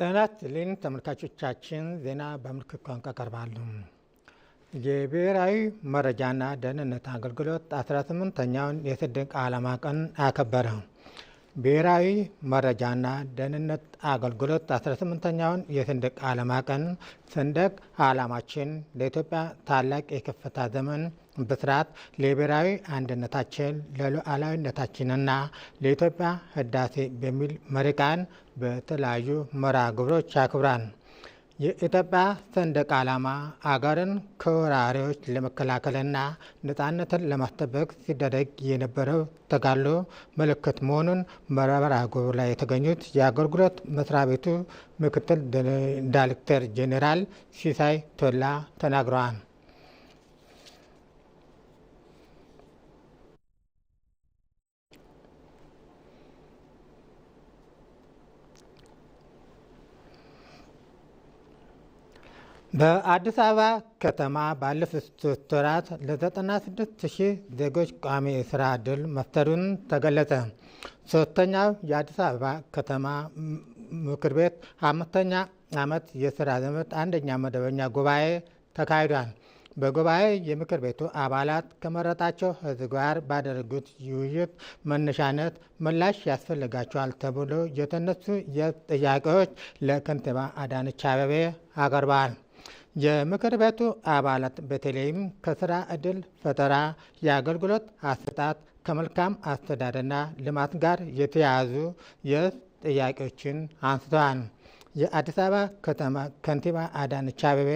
ጤና ይስጥልኝ ተመልካቾቻችን፣ ዜና በምልክት ቋንቋ ቀርባሉ። የብሔራዊ መረጃና ደህንነት አገልግሎት 18ኛውን የስድቅ ዓላማ ቀን አከበረ። ብሔራዊ መረጃና ደህንነት አገልግሎት 18ኛውን የሰንደቅ ዓላማ ቀን ሰንደቅ ዓላማችን ለኢትዮጵያ ታላቅ የከፍታ ዘመን ብስራት ለብሔራዊ አንድነታችን ለሉዓላዊነታችንና ለኢትዮጵያ ህዳሴ በሚል መሪ ቃል በተለያዩ መርሃ ግብሮች ያክብራል። የኢትዮጵያ ሰንደቅ ዓላማ አገርን ከወራሪዎች ለመከላከልና ነፃነትን ለማስጠበቅ ሲደረግ የነበረው ተጋድሎ ምልክት መሆኑን መርሃ ግብሩ ላይ የተገኙት የአገልግሎት መስሪያ ቤቱ ምክትል ዳይሬክተር ጄኔራል ሲሳይ ቶላ ተናግረዋል። በአዲስ አበባ ከተማ ባለፉት ሶስት ወራት ለ96 ሺህ ዜጎች ቋሚ የስራ እድል መፍጠሩን ተገለጸ። ሶስተኛው የአዲስ አበባ ከተማ ምክር ቤት አምስተኛ ዓመት የስራ ዘመን አንደኛ መደበኛ ጉባኤ ተካሂዷል። በጉባኤ የምክር ቤቱ አባላት ከመረጣቸው ህዝብ ጋር ባደረጉት ውይይት መነሻነት ምላሽ ያስፈልጋቸዋል ተብሎ የተነሱ የጥያቄዎች ለከንቲባ አዳነች አበቤ አቀርበዋል። የምክር ቤቱ አባላት በተለይም ከስራ እድል ፈጠራ፣ የአገልግሎት አሰጣጥ፣ ከመልካም አስተዳደርና ልማት ጋር የተያያዙ የህዝብ ጥያቄዎችን አንስተዋል። የአዲስ አበባ ከተማ ከንቲባ አዳነች አቤቤ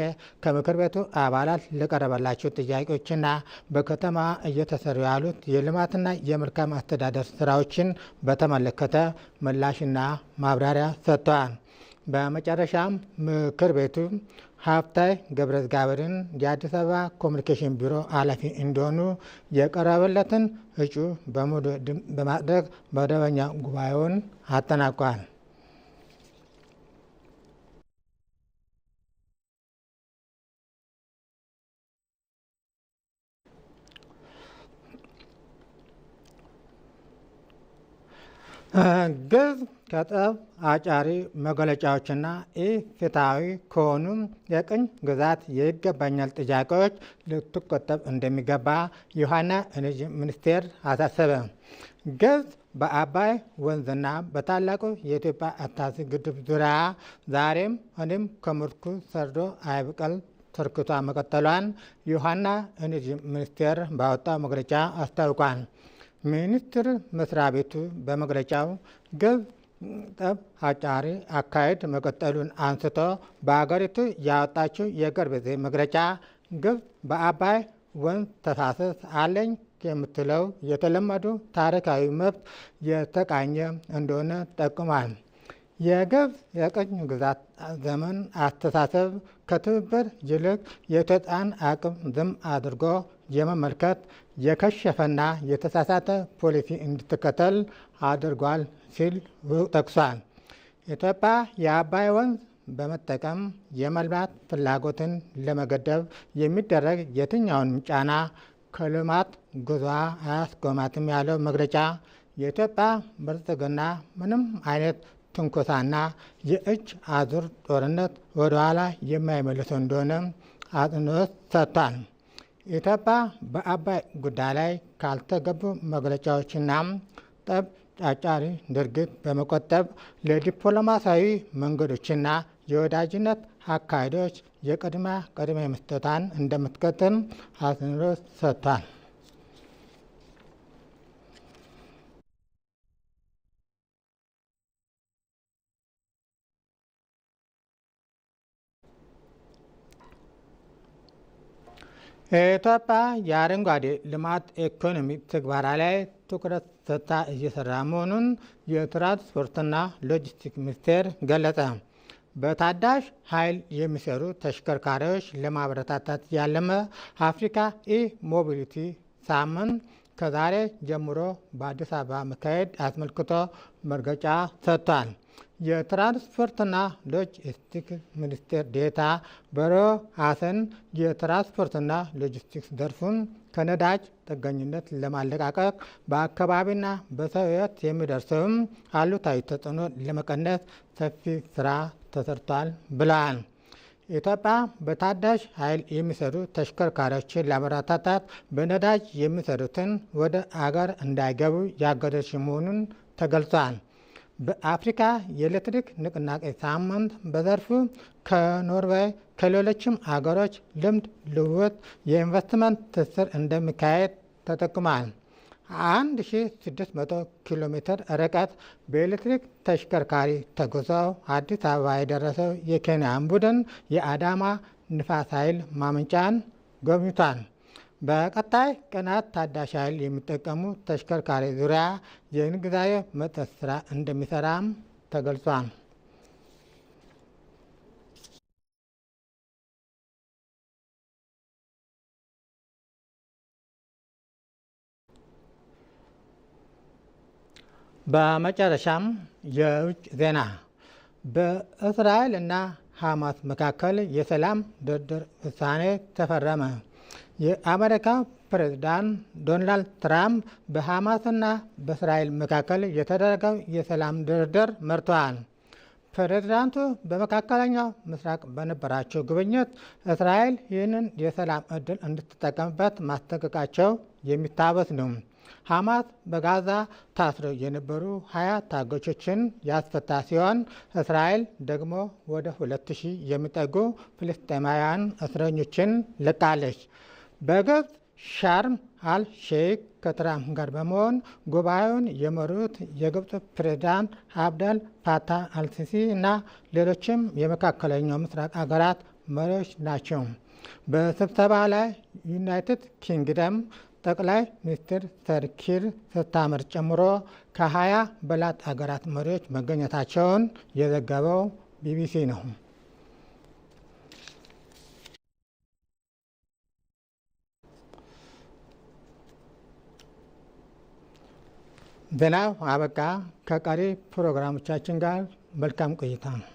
ከምክር ቤቱ አባላት ለቀረበላቸው ጥያቄዎችና በከተማ እየተሰሩ ያሉት የልማትና የመልካም አስተዳደር ስራዎችን በተመለከተ ምላሽና ማብራሪያ ሰጥተዋል። በመጨረሻም ምክር ቤቱ ሀብታይ ገብረዝጋበርን የአዲስ አበባ ኮሚኒኬሽን ቢሮ ኃላፊ እንደሆኑ የቀረበለትን እጩ በሙሉ ድምፅ በማጽደቅ መደበኛ ጉባኤውን አጠናቋል። ግዝ ከጠብ አጫሪ መገለጫዎችና ኢፍትሐዊ ከሆኑ የቅኝ ግዛት የይገባኛል ጥያቄዎች ልትቆጠብ እንደሚገባ የውሃና ኤነርጂ ሚኒስቴር አሳሰበ። ግብጽ በአባይ ወንዝና በታላቁ የኢትዮጵያ አታሲ ግድብ ዙሪያ ዛሬም እኔም ከምርኩ ሰርዶ አይብቀል ትርክቷ መቀጠሏን የውሃና ኤነርጂ ሚኒስቴር ባወጣው መግለጫ አስታውቋል። ሚኒስትር መስሪያ ቤቱ በመግለጫው ግብጽ ጠብ አጫሪ አካሄድ መቀጠሉን አንስቶ በአገሪቱ ያወጣችው የቅርብ ጊዜ መግለጫ ግብፅ በአባይ ወንዝ ተፋሰስ አለኝ የምትለው የተለመዱ ታሪካዊ መብት የተቃኘ እንደሆነ ጠቅሟል። የግብፅ የቅኝ ግዛት ዘመን አስተሳሰብ ከትብብር ይልቅ የኢትዮጵያን አቅም ዝም አድርጎ የመመልከት የከሸፈና የተሳሳተ ፖሊሲ እንድትከተል አድርጓል ሲል ጠቅሷል። ኢትዮጵያ የአባይ ወንዝ በመጠቀም የመልማት ፍላጎትን ለመገደብ የሚደረግ የትኛውንም ጫና ከልማት ጉዞ አያስጎማትም ያለው መግለጫ የኢትዮጵያ ብልጽግና ምንም አይነት ትንኮሳና የእጅ አዙር ጦርነት ወደኋላ የማይመልሰው እንደሆነ አጽንኦት ሰጥቷል። ኢትዮጵያ በአባይ ጉዳይ ላይ ካልተገቡ መግለጫዎችና ጠብ ጫጫሪ ድርጊት በመቆጠብ ለዲፕሎማሲያዊ መንገዶችና የወዳጅነት አካሄዶች የቅድሚያ ቅድሚያ መስጠቷን እንደምትቀጥል አጽንኦት ሰጥቷል። የኢትዮጵያ የአረንጓዴ ልማት ኢኮኖሚ ትግበራ ላይ ትኩረት ሰጥታ እየሰራ መሆኑን የትራንስፖርትና ሎጂስቲክስ ሚኒስቴር ገለጸ። በታዳሽ ኃይል የሚሰሩ ተሽከርካሪዎች ለማበረታታት ያለመ አፍሪካ ኢ ሞቢሊቲ ሳምንት ከዛሬ ጀምሮ በአዲስ አበባ መካሄድ አስመልክቶ መግለጫ ሰጥቷል። የትራንስፖርትና ሎጂስቲክስ ሚኒስቴር ዴታ በሮ አሰን የትራንስፖርትና ሎጂስቲክስ ዘርፉን ከነዳጅ ጥገኝነት ለማለቃቀቅ በአካባቢና በሰው ሕይወት የሚደርሰውም አሉታዊ ተጽዕኖ ለመቀነስ ሰፊ ስራ ተሰርቷል ብለዋል። ኢትዮጵያ በታዳሽ ኃይል የሚሰሩ ተሽከርካሪዎችን ለማበረታታት በነዳጅ የሚሰሩትን ወደ አገር እንዳይገቡ ያገደች መሆኑን ተገልጿል። በአፍሪካ የኤሌክትሪክ ንቅናቄ ሳምንት በዘርፉ ከኖርዌይ ከሌሎችም አገሮች ልምድ ልውውጥ፣ የኢንቨስትመንት ትስስር እንደሚካሄድ ተጠቅሟል። አንድ ሺ ስድስት መቶ ኪሎ ሜትር ርቀት በኤሌክትሪክ ተሽከርካሪ ተጉዘው አዲስ አበባ የደረሰው የኬንያን ቡድን የአዳማ ንፋስ ኃይል ማመንጫን ጎብኝቷል። በቀጣይ ቀናት ታዳሽ ኃይል የሚጠቀሙ ተሽከርካሪ ዙሪያ የንግዛዊ መጠት ስራ እንደሚሰራም ተገልጿል። በመጨረሻም የውጭ ዜና በእስራኤል እና ሐማስ መካከል የሰላም ድርድር ውሳኔ ተፈረመ። የአሜሪካ ፕሬዝዳንት ዶናልድ ትራምፕ በሐማስና በእስራኤል መካከል የተደረገው የሰላም ድርድር መርተዋል። ፕሬዝዳንቱ በመካከለኛው ምስራቅ በነበራቸው ጉብኝት እስራኤል ይህንን የሰላም እድል እንድትጠቀምበት ማስጠንቀቃቸው የሚታወስ ነው። ሐማስ በጋዛ ታስረው የነበሩ ሀያ ታጋቾችን ያስፈታ ሲሆን እስራኤል ደግሞ ወደ ሁለት ሺህ የሚጠጉ ፍልስጤማውያን እስረኞችን ለቃለች። በግብፅ ሻርም አል ሼክ ከትራምፕ ጋር በመሆን ጉባኤውን የመሩት የግብፅ ፕሬዝዳንት አብደል ፋታ አልሲሲ እና ሌሎችም የመካከለኛው ምስራቅ አገራት መሪዎች ናቸው። በስብሰባ ላይ ዩናይትድ ኪንግደም ጠቅላይ ሚኒስትር ተርኪር ስታምር ጨምሮ ጨምሮ ከሀያ በላት አገራት መሪዎች መገኘታቸውን የዘገበው ቢቢሲ ነው። ዜናው አበቃ። ከቀሪ ፕሮግራሞቻችን ጋር መልካም ቆይታ ነው።